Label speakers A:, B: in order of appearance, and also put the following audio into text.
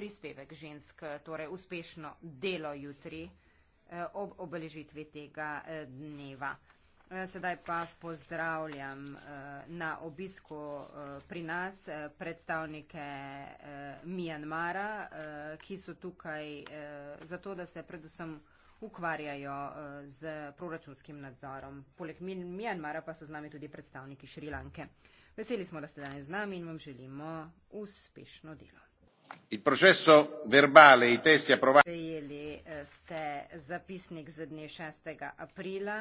A: prispevek žensk, torej uspešno delo jutri eh, ob obeležitvi tega eh, dneva. Eh, sedaj pa pozdravljam na obisku pri nas predstavnike Mjanmara, ki so tukaj zato, da se predvsem ukvarjajo z proračunskim nadzorom. Poleg Mjanmara pa so z nami tudi predstavniki Šrilanke. Veseli smo, da ste danes z nami in vam želimo uspešno delo
B: il processo verbale e i testi approvati.
A: Eh,